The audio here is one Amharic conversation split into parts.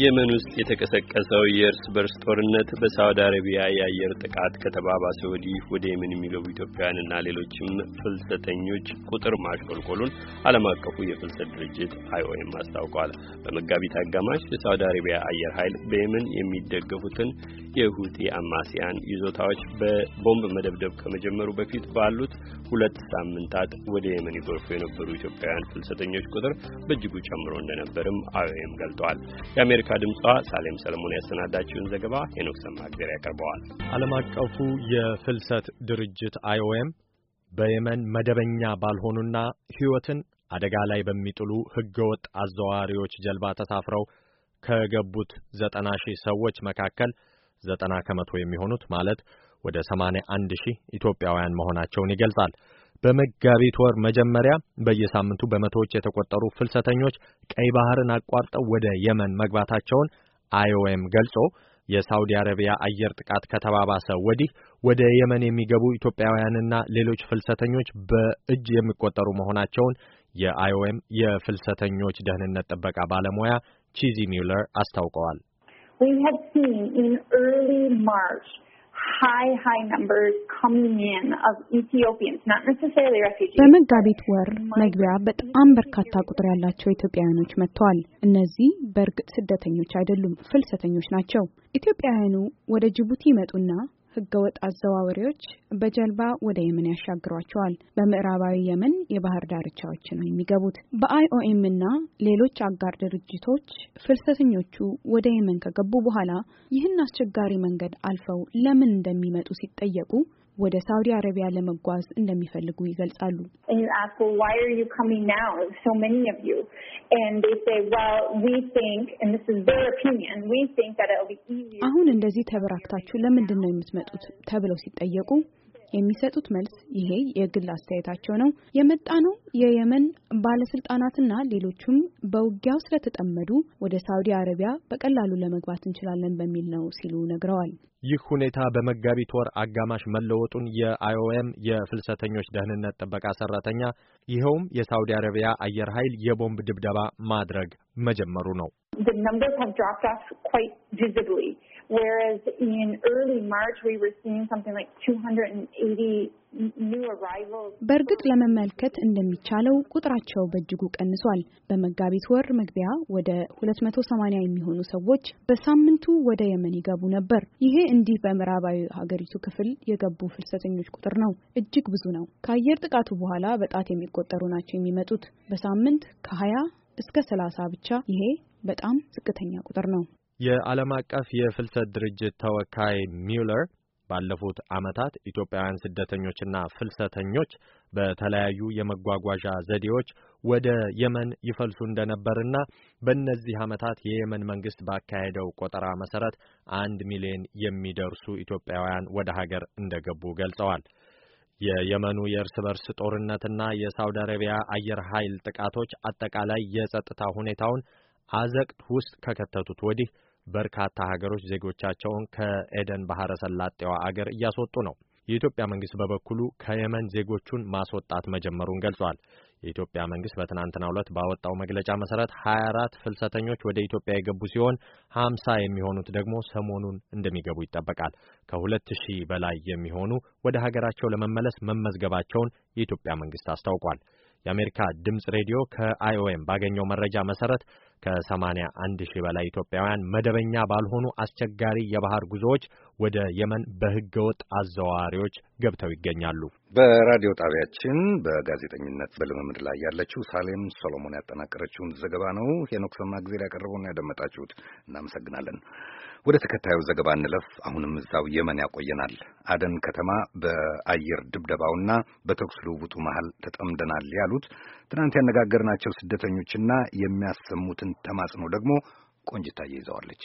የመን ውስጥ የተቀሰቀሰው የእርስ በርስ ጦርነት በሳውዲ አረቢያ የአየር ጥቃት ከተባባሰ ወዲህ ወደ የመን የሚገቡ ኢትዮጵያውያንና ሌሎችም ፍልሰተኞች ቁጥር ማሽቆልቆሉን ዓለም አቀፉ የፍልሰት ድርጅት አይኦኤም አስታውቋል። በመጋቢት አጋማሽ የሳውዲ አረቢያ አየር ኃይል በየመን የሚደገፉትን የሁቲ አማሲያን ይዞታዎች በቦምብ መደብደብ ከመጀመሩ በፊት ባሉት ሁለት ሳምንታት ወደ የመን ይጎርፉ የነበሩ ኢትዮጵያውያን ፍልሰተኞች ቁጥር በእጅጉ ጨምሮ እንደነበርም አይኦኤም ገልጠዋል። የአሜሪካ ድምጿ ሳሌም ሰለሞን ያሰናዳችውን ዘገባ ሄኖክ ሰማግዜር ያቀርበዋል። ዓለም አቀፉ የፍልሰት ድርጅት አይኦኤም በየመን መደበኛ ባልሆኑና ሕይወትን አደጋ ላይ በሚጥሉ ሕገወጥ አዘዋዋሪዎች ጀልባ ተሳፍረው ከገቡት ዘጠና ሺህ ሰዎች መካከል ዘጠና ከመቶ የሚሆኑት ማለት ወደ ሰማንያ አንድ ሺህ ኢትዮጵያውያን መሆናቸውን ይገልጻል። በመጋቢት ወር መጀመሪያ በየሳምንቱ በመቶዎች የተቆጠሩ ፍልሰተኞች ቀይ ባህርን አቋርጠው ወደ የመን መግባታቸውን አይኦኤም ገልጾ የሳውዲ አረቢያ አየር ጥቃት ከተባባሰ ወዲህ ወደ የመን የሚገቡ ኢትዮጵያውያንና ሌሎች ፍልሰተኞች በእጅ የሚቆጠሩ መሆናቸውን የአይኦኤም የፍልሰተኞች ደህንነት ጥበቃ ባለሙያ ቺዚ ሚውለር አስታውቀዋል። We seen in early March high, high numbers coming in of Ethiopians, not necessarily refugees. በመጋቢት ወር መግቢያ በጣም በርካታ ቁጥር ያላቸው ኢትዮጵያውያኖች መጥተዋል። እነዚህ በእርግጥ ስደተኞች አይደሉም፣ ፍልሰተኞች ናቸው። ኢትዮጵያውያኑ ወደ ጅቡቲ ይመጡና ህገወጥ አዘዋወሪዎች በጀልባ ወደ የመን ያሻግሯቸዋል። በምዕራባዊ የመን የባህር ዳርቻዎች ነው የሚገቡት። በአይኦኤም እና ሌሎች አጋር ድርጅቶች ፍልሰተኞቹ ወደ የመን ከገቡ በኋላ ይህን አስቸጋሪ መንገድ አልፈው ለምን እንደሚመጡ ሲጠየቁ ወደ ሳውዲ አረቢያ ለመጓዝ እንደሚፈልጉ ይገልጻሉ። አሁን እንደዚህ ተበራክታችሁ ለምንድን ነው የምትመጡት ተብለው ሲጠየቁ የሚሰጡት መልስ ይሄ የግል አስተያየታቸው ነው የመጣ ነው የየመን ባለስልጣናትና ሌሎቹም በውጊያው ስለተጠመዱ ወደ ሳውዲ አረቢያ በቀላሉ ለመግባት እንችላለን በሚል ነው ሲሉ ነግረዋል። ይህ ሁኔታ በመጋቢት ወር አጋማሽ መለወጡን የአይኦኤም የፍልሰተኞች ደህንነት ጥበቃ ሰራተኛ ይኸውም የሳውዲ አረቢያ አየር ኃይል የቦምብ ድብደባ ማድረግ መጀመሩ ነው። whereas in early March we were seeing something like 280 በእርግጥ ለመመልከት እንደሚቻለው ቁጥራቸው በእጅጉ ቀንሷል። በመጋቢት ወር መግቢያ ወደ 280 የሚሆኑ ሰዎች በሳምንቱ ወደ የመን ይገቡ ነበር። ይሄ እንዲህ በምዕራባዊ ሀገሪቱ ክፍል የገቡ ፍልሰተኞች ቁጥር ነው። እጅግ ብዙ ነው። ከአየር ጥቃቱ በኋላ በጣት የሚቆጠሩ ናቸው የሚመጡት በሳምንት ከ20 እስከ 30 ብቻ። ይሄ በጣም ዝቅተኛ ቁጥር ነው። የዓለም አቀፍ የፍልሰት ድርጅት ተወካይ ሚውለር ባለፉት ዓመታት ኢትዮጵያውያን ስደተኞችና ፍልሰተኞች በተለያዩ የመጓጓዣ ዘዴዎች ወደ የመን ይፈልሱ እንደነበርና በእነዚህ ዓመታት የየመን መንግስት ባካሄደው ቆጠራ መሰረት አንድ ሚሊዮን የሚደርሱ ኢትዮጵያውያን ወደ ሀገር እንደገቡ ገልጸዋል። የየመኑ የእርስ በርስ ጦርነትና የሳውዲ አረቢያ አየር ኃይል ጥቃቶች አጠቃላይ የጸጥታ ሁኔታውን አዘቅት ውስጥ ከከተቱት ወዲህ በርካታ ሀገሮች ዜጎቻቸውን ከኤደን ባህረ ሰላጤዋ አገር እያስወጡ ነው። የኢትዮጵያ መንግስት በበኩሉ ከየመን ዜጎቹን ማስወጣት መጀመሩን ገልጿል። የኢትዮጵያ መንግስት በትናንትናው ዕለት ባወጣው መግለጫ መሰረት 24 ፍልሰተኞች ወደ ኢትዮጵያ የገቡ ሲሆን 50 የሚሆኑት ደግሞ ሰሞኑን እንደሚገቡ ይጠበቃል። ከ2000 በላይ የሚሆኑ ወደ ሀገራቸው ለመመለስ መመዝገባቸውን የኢትዮጵያ መንግስት አስታውቋል። የአሜሪካ ድምፅ ሬዲዮ ከአይኦኤም ባገኘው መረጃ መሰረት ከ81 ሺህ በላይ ኢትዮጵያውያን መደበኛ ባልሆኑ አስቸጋሪ የባህር ጉዞዎች ወደ የመን በህገወጥ አዘዋዋሪዎች ገብተው ይገኛሉ። በራዲዮ ጣቢያችን በጋዜጠኝነት በልምምድ ላይ ያለችው ሳሌም ሶሎሞን ያጠናቀረችውን ዘገባ ነው ሄኖክ ሰማግዜር ያቀረበውና ያደመጣችሁት። እናመሰግናለን። ወደ ተከታዩ ዘገባ እንለፍ። አሁንም እዛው የመን ያቆየናል። አደን ከተማ በአየር ድብደባውና በተኩስ ልውውጡ መሀል ተጠምደናል ያሉት ትናንት ያነጋገርናቸው ስደተኞችና የሚያሰሙትን ተማጽኖ ደግሞ ቆንጅታ ይዘዋለች።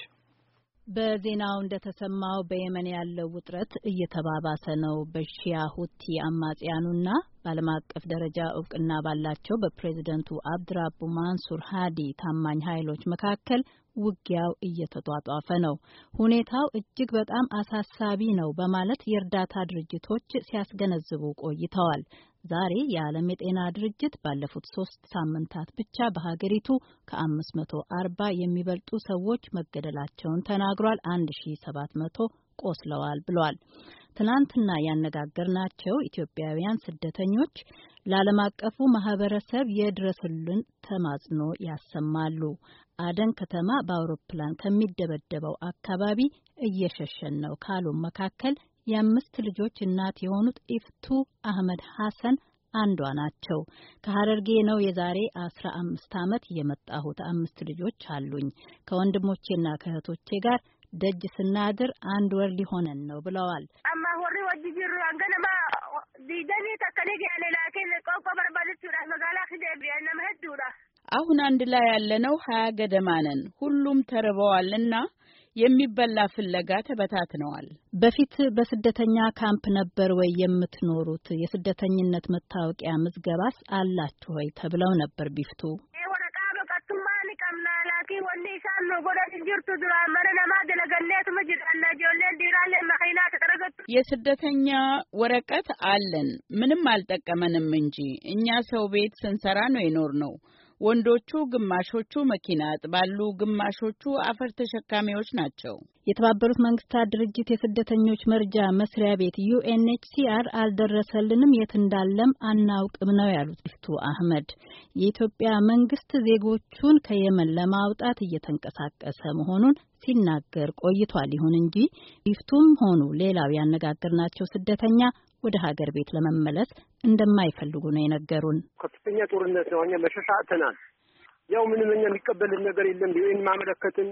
በዜናው እንደተሰማው በየመን ያለው ውጥረት እየተባባሰ ነው። በሺያ ሁቲ አማጽያኑና በዓለም አቀፍ ደረጃ እውቅና ባላቸው በፕሬዝደንቱ አብድራቡ ማንሱር ሃዲ ታማኝ ኃይሎች መካከል ውጊያው እየተጧጧፈ ነው። ሁኔታው እጅግ በጣም አሳሳቢ ነው በማለት የእርዳታ ድርጅቶች ሲያስገነዝቡ ቆይተዋል። ዛሬ የዓለም የጤና ድርጅት ባለፉት ሶስት ሳምንታት ብቻ በሀገሪቱ መቶ አርባ የሚበልጡ ሰዎች መገደላቸውን ተናግሯል። መቶ ቆስለዋል ብሏል። ትናንትና ያነጋገርናቸው ኢትዮጵያውያን ስደተኞች ለዓለም አቀፉ ማህበረሰብ የድረሱልን ተማጽኖ ያሰማሉ። አደን ከተማ በአውሮፕላን ከሚደበደበው አካባቢ እየሸሸን ነው ካሉ መካከል የአምስት ልጆች እናት የሆኑት ኢፍቱ አህመድ ሐሰን አንዷ ናቸው። ከሀረርጌ ነው የዛሬ አስራ አምስት ዓመት የመጣሁት። አምስት ልጆች አሉኝ። ከወንድሞቼና ከእህቶቼ ጋር ደጅ ስናድር አንድ ወር ሊሆነን ነው ብለዋል። አሁን አንድ ላይ ያለነው ሀያ ገደማ ነን። ሁሉም ተርበዋልና የሚበላ ፍለጋ ተበታትነዋል። በፊት በስደተኛ ካምፕ ነበር ወይ የምትኖሩት? የስደተኝነት መታወቂያ ምዝገባስ አላችሁ ወይ ተብለው ነበር ቢፍቱ የስደተኛ ወረቀት አለን፣ ምንም አልጠቀመንም እንጂ እኛ ሰው ቤት ስንሰራ ነው የኖር ነው። ወንዶቹ ግማሾቹ መኪና ያጥባሉ፣ ግማሾቹ አፈር ተሸካሚዎች ናቸው። የተባበሩት መንግስታት ድርጅት የስደተኞች መርጃ መስሪያ ቤት ዩኤንኤችሲአር አልደረሰልንም፣ የት እንዳለም አናውቅም ነው ያሉት ሚስቱ አህመድ። የኢትዮጵያ መንግስት ዜጎቹን ከየመን ለማውጣት እየተንቀሳቀሰ መሆኑን ሲናገር ቆይቷል። ይሁን እንጂ ሚፍቱም ሆኑ ሌላው ያነጋገርናቸው ስደተኛ ወደ ሀገር ቤት ለመመለስ እንደማይፈልጉ ነው የነገሩን። ከፍተኛ ጦርነት ነው። እኛ መሸሻ አጥተናል። ያው ምንም እኛ የሚቀበልን ነገር የለም። ይህን ማመለከትን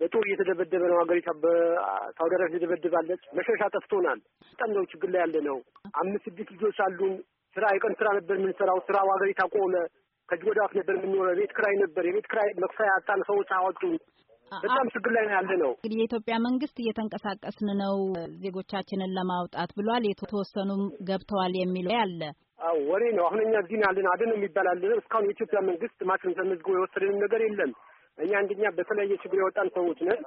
በጦር እየተደበደበ ነው ሀገሪቷ። በሳውዲ አረቢያ ተደበድባለች። መሸሻ ጠፍቶናል። በጣም ነው ችግር ላይ ያለ ነው። አምስት ስድስት ልጆች አሉን። ስራ የቀን ስራ ነበር የምንሰራው። ስራው ሀገሪቷ ቆመ። ከእጅ ወደ አፍ ነበር የምንኖረው። ቤት ክራይ ነበር። የቤት ክራይ መክፈያ ያጣን ሰዎች አወጡን። በጣም ችግር ላይ ያለ ነው። እንግዲህ የኢትዮጵያ መንግስት እየተንቀሳቀስን ነው ዜጎቻችንን ለማውጣት ብሏል። የተወሰኑም ገብተዋል የሚለው አለ። አዎ ወሬ ነው። አሁን እኛ እዚህ ያለን አደን የሚባል አለ። እስካሁን የኢትዮጵያ መንግስት ማክን ተመዝግቦ የወሰደንም ነገር የለም። እኛ አንደኛ በተለያየ ችግር የወጣን ሰዎች ነን።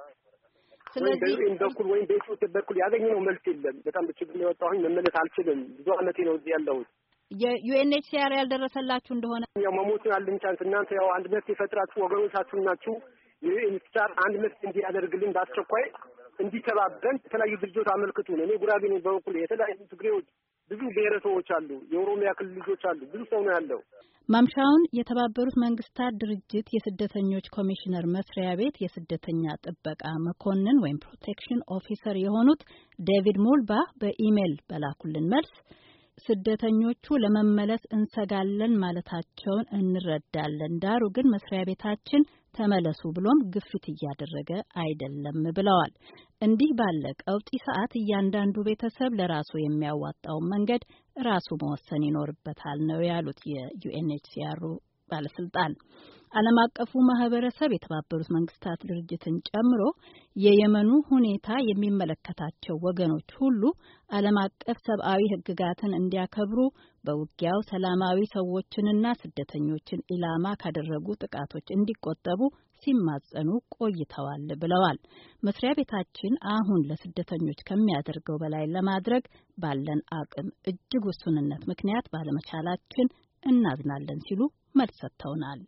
ስለዚህ በኩል ወይም በኢትዮጵያ በኩል ያገኘነው መልስ የለም። በጣም በችግር ላይ ወጣሁኝ። መመለስ አልችልም። ብዙ አመቴ ነው እዚህ ያለሁት። የዩኤንኤችሲአር ያልደረሰላችሁ እንደሆነ ያው መሞትን አለን ቻንስ እናንተ ያው አንድነት የፈጥራችሁ ወገኖቻችሁ ናችሁ። ይህ ኢንስታር አንድ መፍትሄ እንዲያደርግልን በአስቸኳይ እንዲተባበን የተለያዩ ድርጅቶች አመልክቱ ነው። እኔ ጉራጌ ነኝ በበኩል የተለያዩ ትግሬዎች ብዙ ብሔረሰቦች አሉ። የኦሮሚያ ክልል ልጆች አሉ። ብዙ ሰው ነው ያለው። ማምሻውን የተባበሩት መንግስታት ድርጅት የስደተኞች ኮሚሽነር መስሪያ ቤት የስደተኛ ጥበቃ መኮንን ወይም ፕሮቴክሽን ኦፊሰር የሆኑት ዴቪድ ሞልባ በኢሜይል በላኩልን መልስ ስደተኞቹ ለመመለስ እንሰጋለን ማለታቸውን እንረዳለን። ዳሩ ግን መስሪያ ቤታችን ተመለሱ ብሎም ግፊት እያደረገ አይደለም ብለዋል። እንዲህ ባለ ቀውጢ ሰዓት እያንዳንዱ ቤተሰብ ለራሱ የሚያዋጣውን መንገድ ራሱ መወሰን ይኖርበታል ነው ያሉት የዩኤንኤችሲአሩ ባለስልጣን ዓለም አቀፉ ማህበረሰብ የተባበሩት መንግስታት ድርጅትን ጨምሮ የየመኑ ሁኔታ የሚመለከታቸው ወገኖች ሁሉ ዓለም አቀፍ ሰብአዊ ህግጋትን እንዲያከብሩ በውጊያው ሰላማዊ ሰዎችንና ስደተኞችን ኢላማ ካደረጉ ጥቃቶች እንዲቆጠቡ ሲማጸኑ ቆይተዋል ብለዋል። መስሪያ ቤታችን አሁን ለስደተኞች ከሚያደርገው በላይ ለማድረግ ባለን አቅም እጅግ ውሱንነት ምክንያት ባለመቻላችን እናዝናለን ሲሉ መልስ ሰጥተውናል።